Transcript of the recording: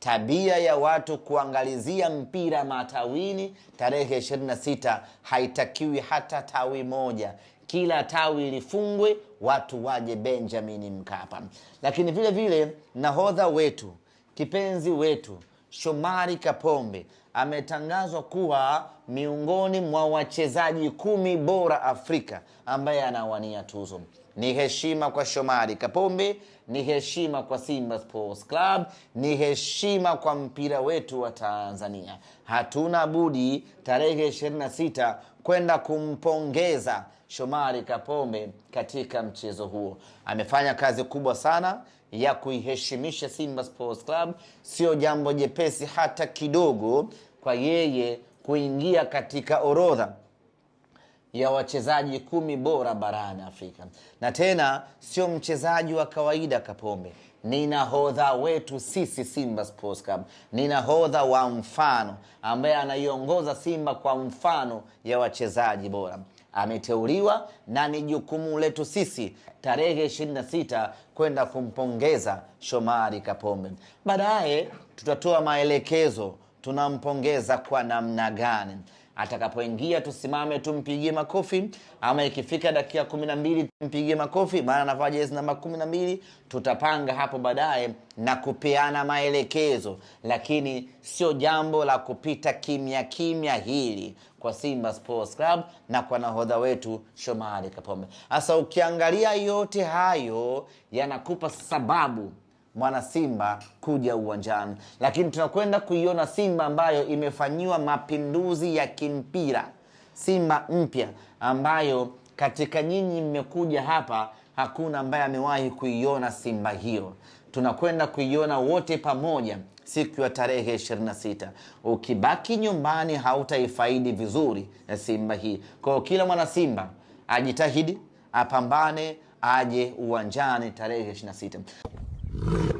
tabia ya watu kuangalizia mpira matawini tarehe 26 haitakiwi hata tawi moja, kila tawi lifungwe, watu waje Benjamin Mkapa. Lakini vile vile nahodha wetu kipenzi wetu Shomari Kapombe ametangazwa kuwa miongoni mwa wachezaji kumi bora Afrika ambaye anawania tuzo. Ni heshima kwa Shomari Kapombe, ni heshima kwa Simba Sports Club, ni heshima kwa mpira wetu wa Tanzania. Hatuna budi tarehe 26 kwenda kumpongeza Shomari Kapombe katika mchezo huo. Amefanya kazi kubwa sana ya kuiheshimisha Simba Sports Club, sio jambo jepesi hata kidogo kwa yeye kuingia katika orodha ya wachezaji kumi bora barani Afrika, na tena sio mchezaji wa kawaida Kapombe ni nahodha wetu sisi Simba Sports Club, ni nahodha wa mfano ambaye anaiongoza Simba kwa mfano ya wachezaji bora ameteuliwa na ni jukumu letu sisi tarehe 26 kwenda kumpongeza Shomari Kapombe. Baadaye tutatoa maelekezo tunampongeza kwa namna gani atakapoingia tusimame tumpigie makofi, ama ikifika dakika kumi na mbili tumpigie makofi, maana anavaa jezi namba kumi na mbili. Tutapanga hapo baadaye na kupeana maelekezo, lakini sio jambo la kupita kimya kimya hili kwa Simba Sports Club na kwa nahodha wetu Shomari Kapombe. Sasa ukiangalia yote hayo yanakupa sababu mwana Simba kuja uwanjani, lakini tunakwenda kuiona Simba ambayo imefanyiwa mapinduzi ya kimpira, Simba mpya ambayo katika nyinyi mmekuja hapa, hakuna ambaye amewahi kuiona Simba hiyo. Tunakwenda kuiona wote pamoja siku ya tarehe 26. Ukibaki nyumbani, hautaifaidi vizuri ya Simba hii. kwao kila mwana Simba ajitahidi, apambane, aje uwanjani tarehe 26. Thank you.